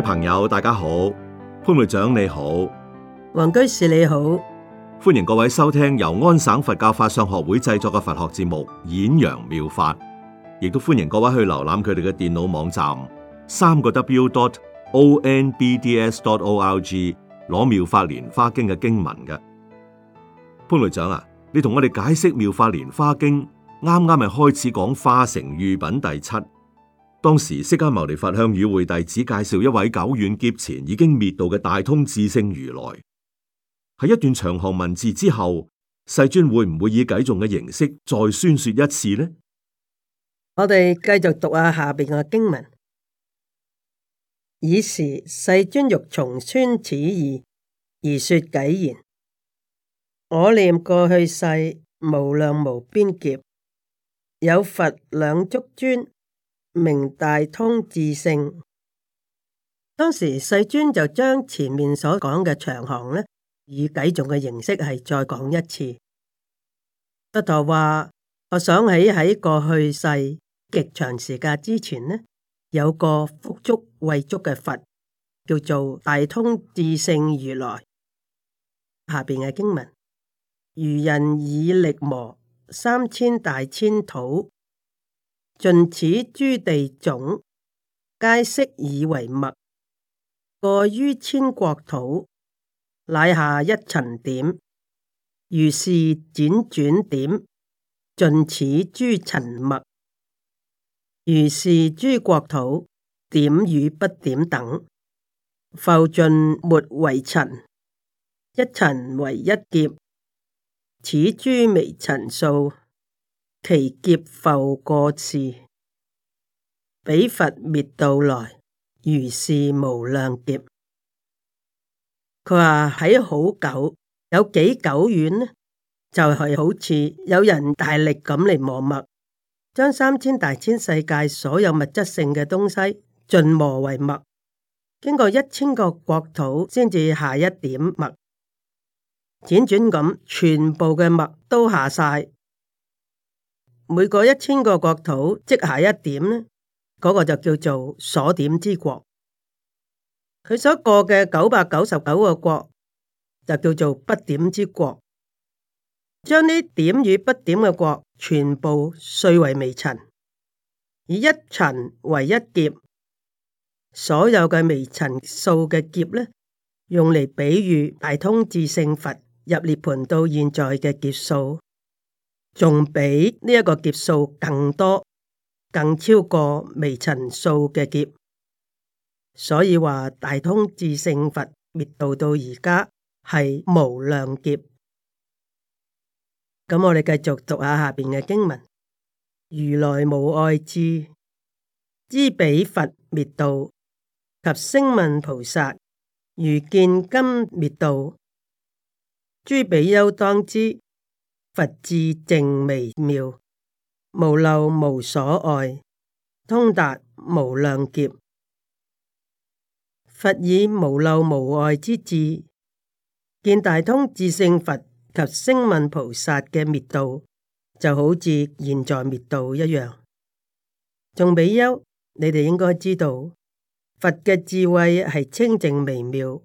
朋友，大家好，潘會長你好，黃居士你好，歡迎各位收聽由安省佛教法相學會製作嘅佛學節目《演揚妙法》，亦都歡迎各位去瀏覽佢哋嘅電腦網站三個 w.dot.o.n.b.d.s.dot.o.r.g 攞妙法蓮花經嘅經文嘅潘會長啊，你同我哋解釋妙法蓮花經，啱啱係開始講化城喻品第七。當時釋迦牟尼佛向與會弟子介紹一位久遠劫前已經滅度嘅大通智勝如來。喺一段長行文字之後，世尊會唔會以偈頌嘅形式再宣說一次呢？我哋繼續讀下下邊嘅經文。爾時世尊欲重宣此意，而說偈言：我念過去世無量無邊劫，有佛兩足尊。明大通智勝，當時世尊就將前面所講嘅長行呢，以偈頌嘅形式係再講一次。佛陀話：我想起喺過去世極長時間之前呢，有個福足慧足嘅佛，叫做大通智勝如來。下邊嘅經文：如人以力磨三千大千土。盡此諸地種，皆悉以為墨。過於千國土，乃下一塵點。如是展轉點，盡此諸塵墨。如是諸國土，點與不點等，復盡末為塵。一塵為一劫，此諸微塵數。其劫復過是，彼佛滅度來，如是無量劫。佢話喺好久，有幾久遠呢？就係好似有人大力咁嚟磨墨，將三千大千世界所有物質性嘅東西盡磨為墨，經過一千個國土先至下一點墨，輾轉咁全部嘅墨都下晒。每個一千個國土即下一點呢，嗰、那個就叫做所點之國。佢所過嘅九百九十九個國就叫做不點之國。將呢點與不點嘅國全部碎為微塵，以一塵為一劫，所有嘅微塵數嘅劫呢，用嚟比喻大通智勝佛入涅盤到現在嘅劫數。仲比呢一個劫數更多，更超過微塵數嘅劫，所以話大通智勝佛滅度到而家係無量劫。咁我哋繼續讀下下邊嘅經文：如來無礙智，知彼佛滅度，及聲聞菩薩，如見今滅度，諸比丘當知。佛智淨微妙，無漏無所礙，通達無量劫。佛以無漏無礙之智，見大通智勝佛及聲聞菩薩嘅滅度，就好似現在滅度一樣。仲比丘，你哋應該知道，佛嘅智慧係清淨微妙，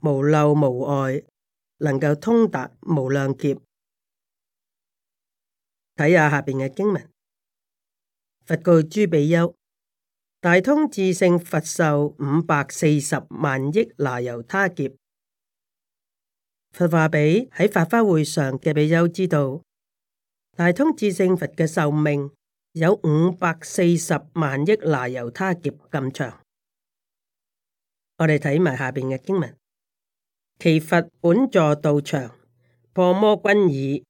無漏無礙，能夠通達無量劫。睇下下邊嘅經文，佛告諸比丘：大通智勝佛壽五百四十萬億那由他劫。佛話俾喺法花會上嘅比丘知道，大通智勝佛嘅壽命有五百四十萬億那由他劫咁長。我哋睇埋下邊嘅經文，其佛本座道場破魔軍已。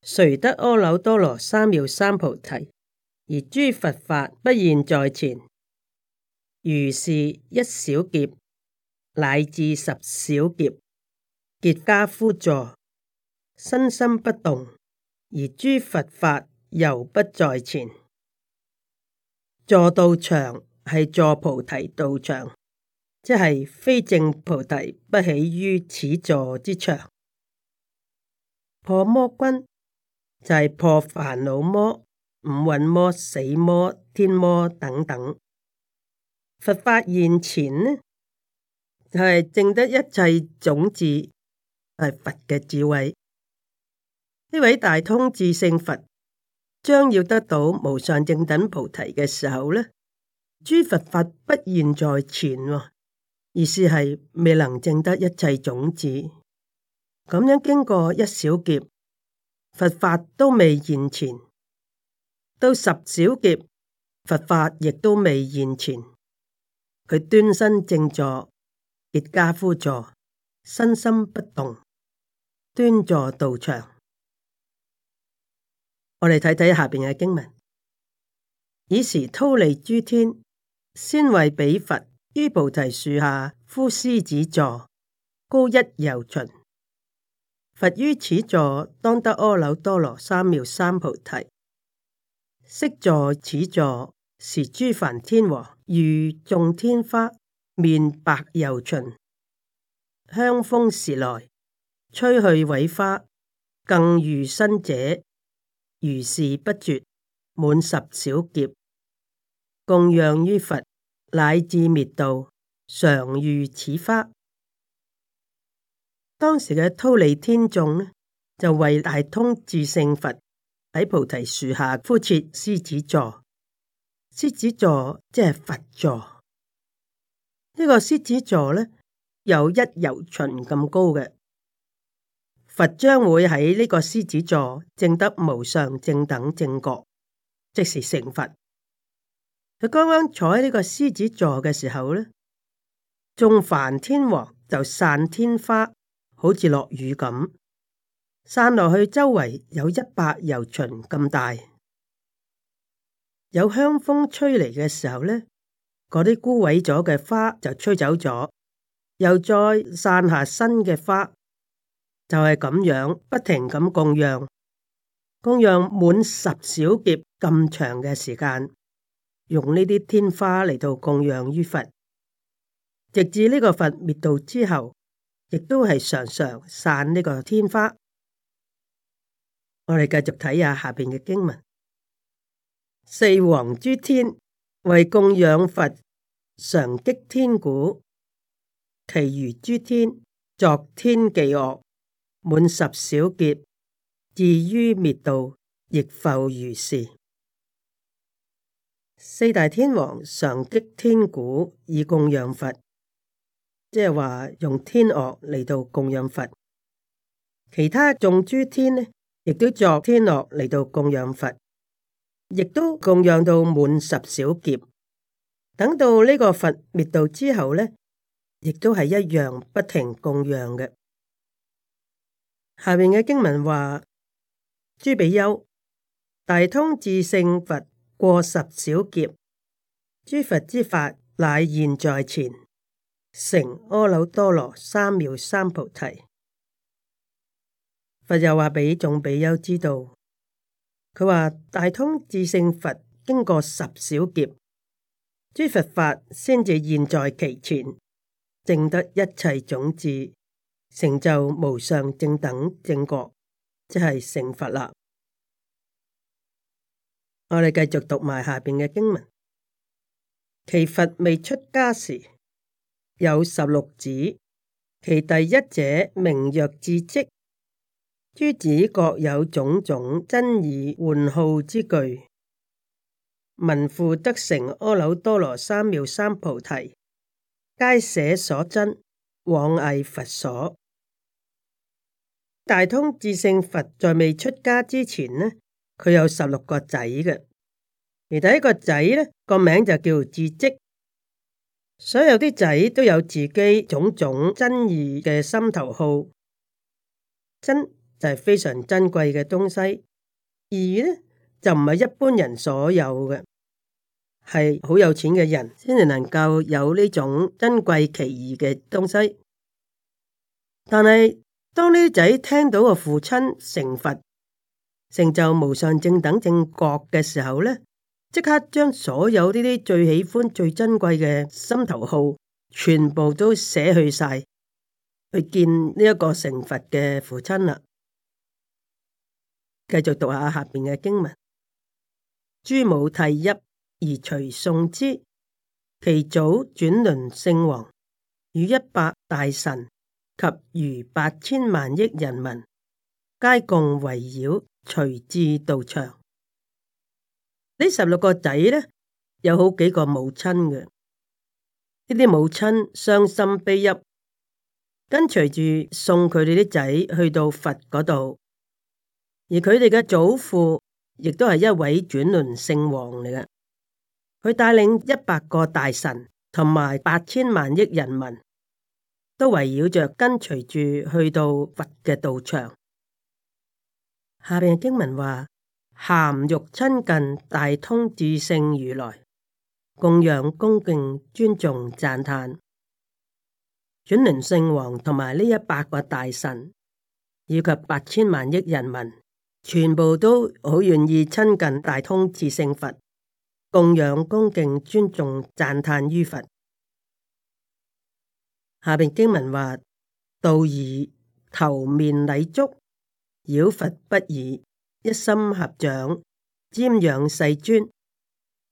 誰得阿耨多羅三藐三菩提？而諸佛法不現在前，如是一小劫乃至十小劫，結跏趺坐，身心不動，而諸佛法猶不在前。坐道場係坐菩提道場，即係非正菩提不起於此座之場。破魔君。就係破煩惱魔、五蘊魔、死魔、天魔等等。佛法現前呢，就係證得一切種子，係、就是、佛嘅智慧。呢位大通智勝佛將要得到無上正等菩提嘅時候呢，諸佛法不現在前，意思係未能證得一切種子。咁樣經過一小劫。佛法都未現前，到十小劫，佛法亦都未現前。佢端身正坐，結跏趺坐，身心不動，端坐道場。我哋睇睇下邊嘅經文，以時忉利諸天，先為彼佛於菩提樹下敷獅子座，高一由旬。.佛於此座當得阿耨多羅三藐三菩提，釋迦牟尼佛於此座時，是諸梵天王雨眾天花，面百由旬，香風時來吹去萎花，更雨新者，如是不絕，滿十小劫供養於佛，乃至滅度常雨此花。當時嘅忉利天眾呢，就為大通智勝佛喺菩提樹下敷設獅子座。獅子座即係佛座，呢、這個獅子座呢有一由旬咁高嘅，佛將會喺呢個獅子座證得無上正等正覺，即是成佛。佢剛剛坐喺呢個獅子座嘅時候呢，眾梵天王就散天花。好似落雨咁，散落去周圍有一百由旬咁大。有香風吹嚟嘅時候呢，嗰啲枯萎咗嘅花就吹走咗，又再散下新嘅花，就係咁樣不停咁供養，供養滿十小劫咁長嘅時間，用呢啲天花嚟到供養於佛，直至呢個佛滅度之後。亦都係常常散呢個天花，我哋繼續睇下下邊嘅經文。四王諸天為供養佛，常擊天鼓；其餘諸天作天伎樂，滿十小劫，至於滅道，亦復如是。四大天王常擊天鼓以供養佛。即係話用天樂嚟到供養佛，其他眾諸天呢，亦都作天樂嚟到供養佛，亦都供養到滿十小劫。等到呢個佛滅度之後呢，亦都係一樣不停供養嘅。下面嘅經文話：諸比丘，大通智勝佛過十小劫，諸佛之法乃現在前。成阿耨多羅三藐三菩提，佛又話俾眾比丘知道，佢話大通智勝佛經過十小劫，諸佛法先至現在其前，證得一切種子，成就無上正等正覺，即係成佛啦。我哋繼續讀埋下邊嘅經文，其佛未出家時。有十六子，其第一者名曰智積。諸子各有種種真義，換號之句。文父得成阿耨多羅三藐三菩提，皆捨所珍，往詣佛所。大通智勝佛在未出家之前呢，佢有十六個仔嘅，而第一個仔呢個名字就叫智積。所有啲仔都有自己種種珍異嘅心頭好，珍就係非常珍貴嘅東西，而「呢」就唔係一般人所有嘅，係好有錢嘅人先至能夠有呢種珍貴奇異嘅東西。但係當呢啲仔聽到個父親成佛、成就無上正等正覺嘅時候呢。即刻將所有呢啲最喜歡、最珍貴嘅心頭好，全部都捨去晒，去見呢一個成佛嘅父親啦。繼續讀下下邊嘅經文：諸母涕泣而隨送之，其祖轉輪聖王與一百大臣及逾八千萬億人民，皆共圍繞隨至道場。呢十六個仔咧，有好幾個母親嘅。呢啲母親傷心悲泣，跟隨住送佢哋啲仔去到佛嗰度。而佢哋嘅祖父亦都係一位轉輪聖王嚟嘅。佢帶領一百個大臣同埋八千萬億人民，都圍繞着跟隨住去到佛嘅道場。下邊嘅經文話。咸欲親近大通智勝如來，供養恭敬尊重讚歎。轉輪聖王同埋呢一百個大臣，以及八千萬億人民，全部都好願意親近大通智勝佛，供養恭敬尊重讚歎於佛。下邊經文話：到已頭面禮足，繞佛不已。一心合掌，瞻仰世尊，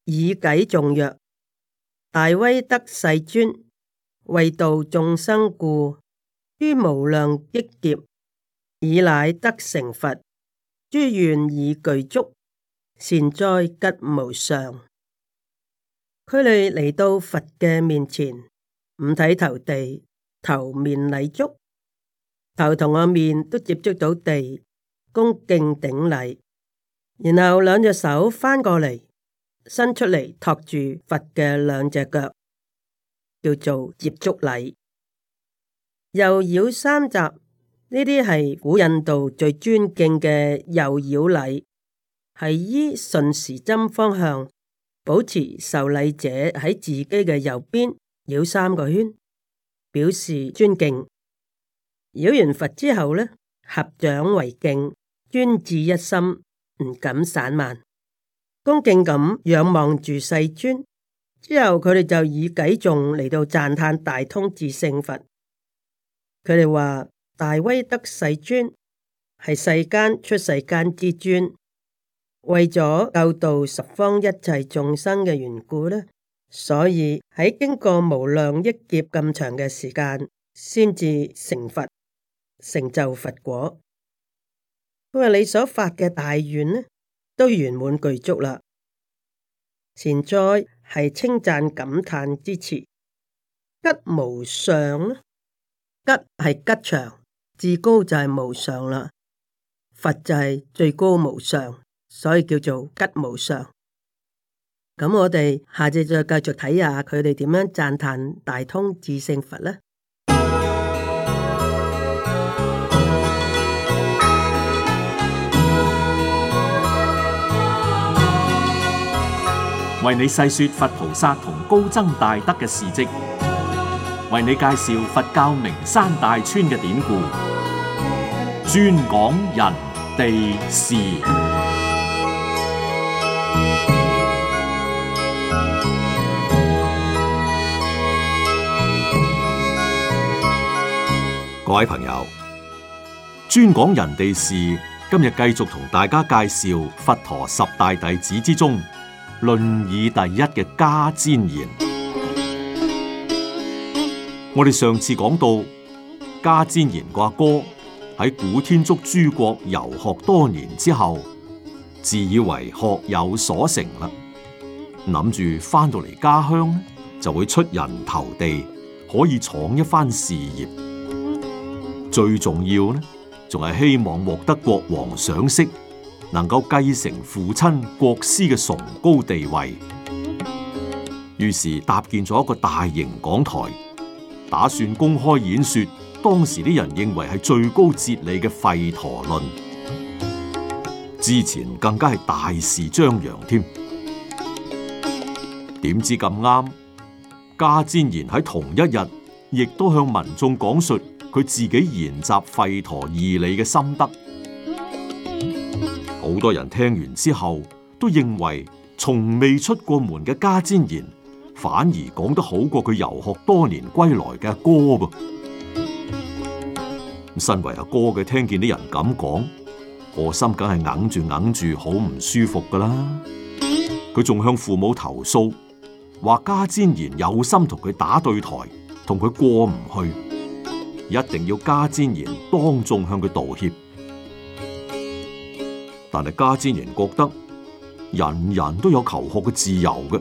以偈頌曰：大威德世尊，為度眾生故，於無量億劫，以乃得成佛。諸願以具足，善哉吉無上。佢哋嚟到佛嘅面前，五體投地，頭面禮足，頭同個面都接觸到地。恭敬頂禮，然後兩隻手翻過嚟，伸出嚟托住佛嘅兩隻腳，叫做接足禮。右繞三匝，呢啲係古印度最尊敬嘅右繞禮，係依順時針方向保持受禮者喺自己嘅右邊繞三個圈，表示尊敬。繞完佛之後呢，合掌為敬。專志一心，唔敢散漫，恭敬咁仰望住世尊。之後佢哋就以偈頌嚟到讚歎大通智勝佛。佢哋話大威德世尊係世間出世間之尊，為咗救度十方一切眾生嘅緣故呢，所以喺經過無量億劫咁長嘅時間，先至成佛，成就佛果。因為你所發嘅大願呢，都圓滿具足啦。善哉係稱讚感嘆之詞，吉無上呢？吉係吉祥，至高就係無上啦。佛就係最高無上，所以叫做吉無上。咁我哋下次再繼續睇下佢哋點樣讚嘆大通智勝佛呢？為你細說佛菩薩同高僧大德嘅事跡，為你介紹佛教名山大川嘅典故，專講人地事。各位朋友，專講人地事，今日繼續同大家介紹佛陀十大弟子之中。論議第一嘅迦旃延，我哋上次講到迦旃延個阿哥喺古天竺諸國遊學多年之後，自以為學有所成啦，諗住翻到嚟家鄉就會出人頭地，可以闖一番事業。最重要呢，仲係希望獲得國王賞識。能夠繼承父親國師嘅崇高地位，於是搭建咗一個大型講台，打算公開演說。當時啲人認為係最高哲理嘅吠陀論，之前更加係大肆張揚添。點知咁啱，迦旃延喺同一日亦都向民眾講述佢自己研習吠陀義理嘅心得。好多人聽完之後都認為從未出過門嘅迦旃延，反而講得好過佢遊學多年歸來嘅阿哥噃。身為阿哥嘅，聽見啲人咁講，我心梗係硬住硬住，好唔舒服噶啦。佢仲向父母投訴，話迦旃延有心同佢打對台，同佢過唔去，一定要迦旃延當眾向佢道歉。但係迦旃延覺得人人都有求學嘅自由嘅，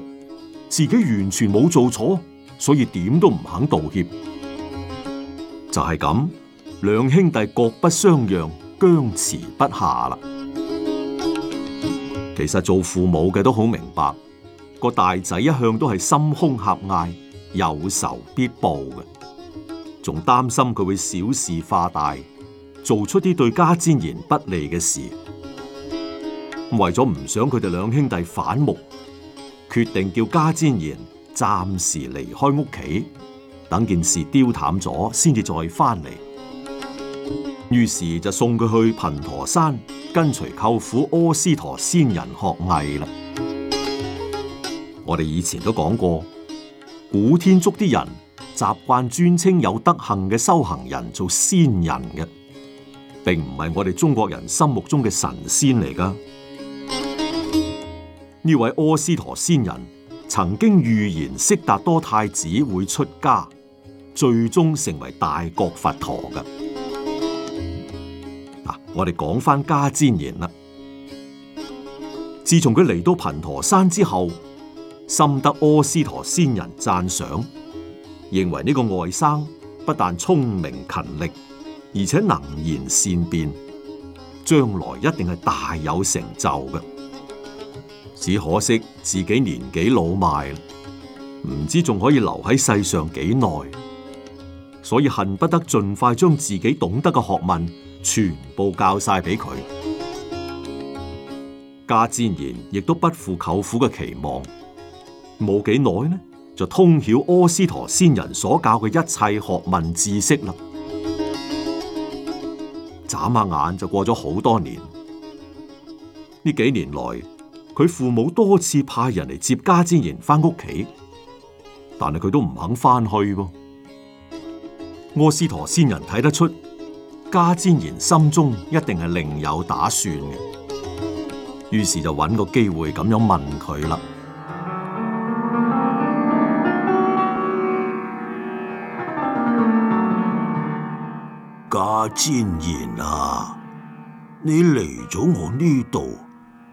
自己完全冇做錯，所以點都唔肯道歉。就係咁，兩兄弟各不相讓，僵持不下啦。其實做父母嘅都好明白，個大仔一向都係心胸狹隘、有仇必報嘅，仲擔心佢會小事化大，做出啲對迦旃延不利嘅事。為咗唔想佢哋兩兄弟反目，決定叫迦旃延暫時離開屋企，等件事丟淡咗先至再翻嚟。於是就送佢去貧陀山跟隨舅父阿斯陀仙人學藝啦。我哋以前都講過，古天竺啲人習慣尊稱有德行嘅修行人做仙人嘅，並唔係我哋中國人心目中嘅神仙嚟噶。呢位阿斯陀仙人曾經預言悉達多太子會出家，最終成為大國佛陀嘅。啊，我哋講翻迦旃延啦。自從佢嚟到貧陀山之後，深得阿斯陀仙人讚賞，認為呢個外甥不但聰明勤力，而且能言善辯，將來一定係大有成就嘅。只可惜自己年紀老邁，唔知仲可以留喺世上幾耐，所以恨不得盡快將自己懂得嘅學問全部教晒俾佢。迦旃延亦都不負舅父嘅期望，冇幾耐呢就通曉阿斯陀先人所教嘅一切學問知識啦。眨下眼就過咗好多年，呢幾年來。佢父母多次派人嚟接迦旃延返屋企，但係佢都唔肯返去噃。阿私陀仙人睇得出迦旃延心中一定係另有打算嘅，於是就揾個機會咁樣問佢啦。迦旃延啊，你嚟咗我呢度，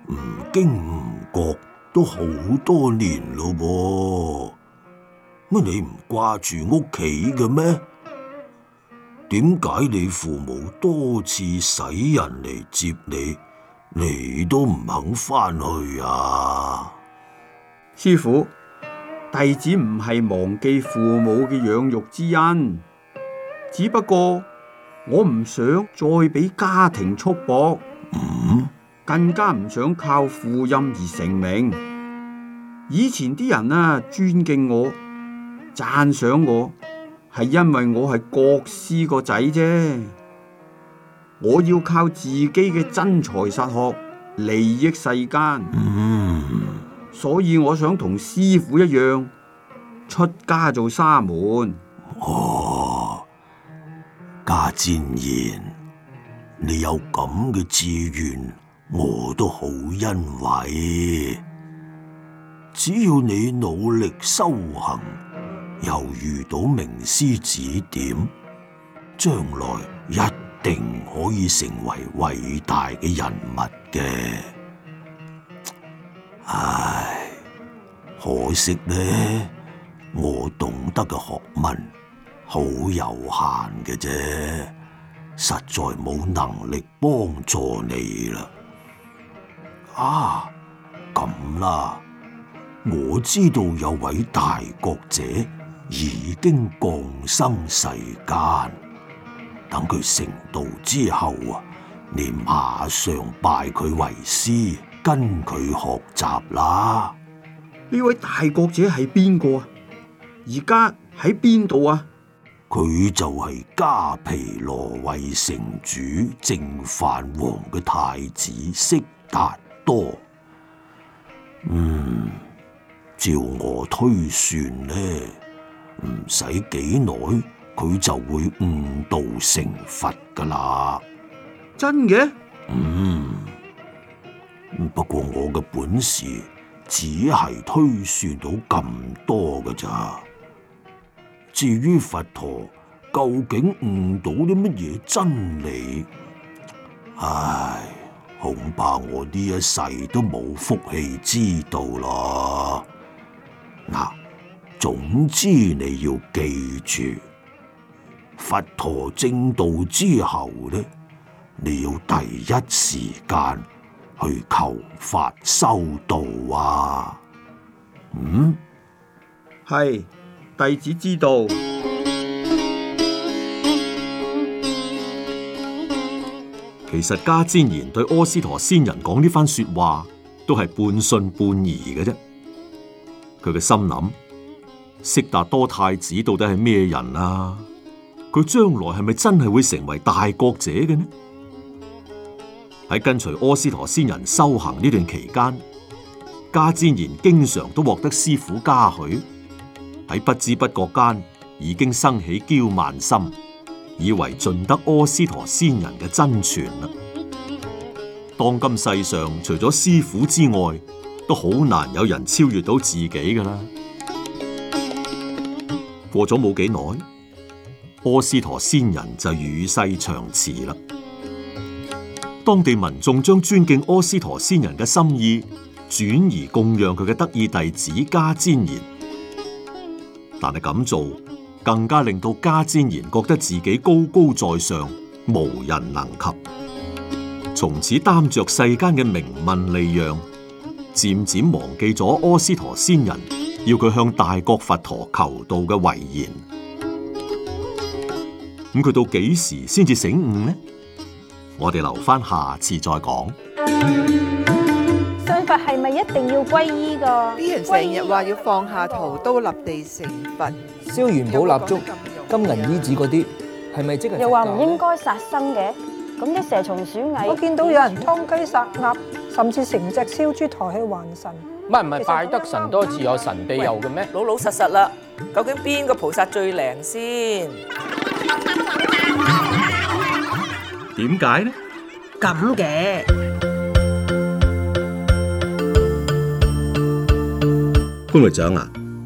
唔經唔覺都好多年咯噃，乜你唔掛住屋企嘅咩？點解你父母多次使人嚟接你，你都唔肯返去啊？師父，弟子唔係忘記父母嘅養育之恩，只不過我唔想再俾家庭束縛。嗯更加唔想靠父蔭而成名。以前啲人啊，尊敬我、讚賞我，係因為我係國師個仔啫。我要靠自己嘅真才實學，利益世間。嗯、所以我想同師父一樣出家做沙門。哦，迦旃延，你有咁嘅志願？我都好欣慰，只要你努力修行，又遇到名師指點，將來一定可以成為偉大嘅人物嘅。唉，可惜咧，我懂得嘅學問好有限嘅啫，實在冇能力幫助你啦。啊，咁啦，我知道有位大覺者已經降生世間，等佢成道之後啊，你馬上拜佢為師，跟佢學習啦。呢位大覺者係邊個啊？而家喺邊度啊？佢就係迦毘羅衛城主淨飯王嘅太子悉達。多，嗯，照我推算咧，唔使幾耐佢就會悟道成佛噶啦。真嘅？嗯，不過我嘅本事只係推算到咁多㗎咋。至於佛陀究竟悟到啲乜嘢真理，唉。恐怕我呢一世都冇福氣知道啦。嗱，總之你要記住，佛陀正道之後咧，你要第一時間去求法修道啊。嗯，係弟子知道。其實迦旃延對阿斯陀仙人講呢番說話都係半信半疑嘅啫。佢嘅心諗：悉達多太子到底係咩人啦，啊？佢將來係咪真係會成為大國者嘅呢？喺跟隨阿斯陀仙人修行呢段期間，迦旃延經常都獲得師父嘉許，喺不知不覺間已經生起驕慢心。以為盡得阿斯陀仙人嘅真傳啦，當今世上除咗師傅之外，都好難有人超越到自己噶啦。過咗冇幾耐，阿斯陀仙人就與世長辭啦。當地民眾將尊敬阿斯陀仙人嘅心意轉而供養佢嘅得意弟子迦旃延，但係咁做。更加令到迦旃延覺得自己高高在上，無人能及。從此擔着世間嘅名聞利養，漸漸忘記咗阿斯陀仙人要佢向大國佛陀求道嘅遺言。咁佢到幾時先至醒悟呢？我哋留翻下，下次再講。相法係咪一定要皈依噶？啲人成日話要放下屠刀立地成佛。燒元寶蠟燭、金銀衣紙嗰啲，係咪即係？又話唔應該殺生嘅，咁啲蛇蟲鼠蟻，我見到有人劏雞殺鴨，甚至成隻燒豬抬去還神。唔係唔係，拜得神多自然有神庇佑嘅咩？老老實實啦，究竟邊個菩薩最靈先？點解呢？咁嘅，官嚟長啊！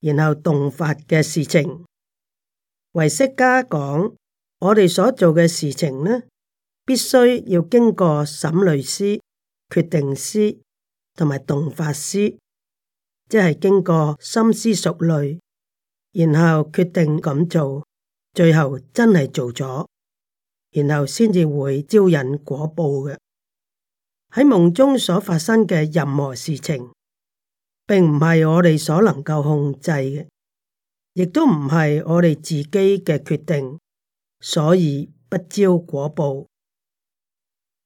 然後動發嘅事情，唯識家講，我哋所做嘅事情呢，必須要經過審慮思、決定思同埋動發思，即係經過深思熟慮，然後決定咁做，最後真係做咗，然後先至會招引果報嘅。喺夢中所發生嘅任何事情，並唔係我哋所能夠控制嘅，亦都唔係我哋自己嘅決定，所以不招果報。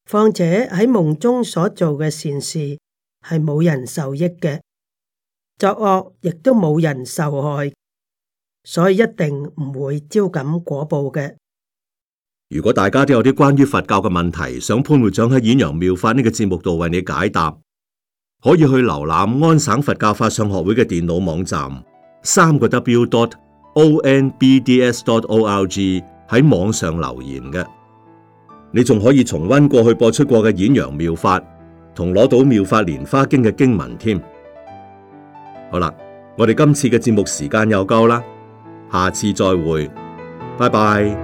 況且喺夢中所做嘅善事係冇人受益嘅，作惡亦都冇人受害，所以一定唔會招感果報嘅。如果大家都有啲關於佛教嘅問題，想潘會長喺《演揚妙法》呢個節目度為你解答。可以去瀏覽安省佛教法相學會嘅電腦網站，三個 W dot O N B D S dot org 喺網上留言嘅。你仲可以重温過去播出過嘅演揚妙法，同攞到妙法蓮花經嘅經文添。好啦，我哋今次嘅節目時間又夠啦，下次再會，拜拜。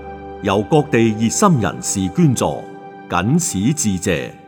由各地熱心人士捐助，僅此致謝。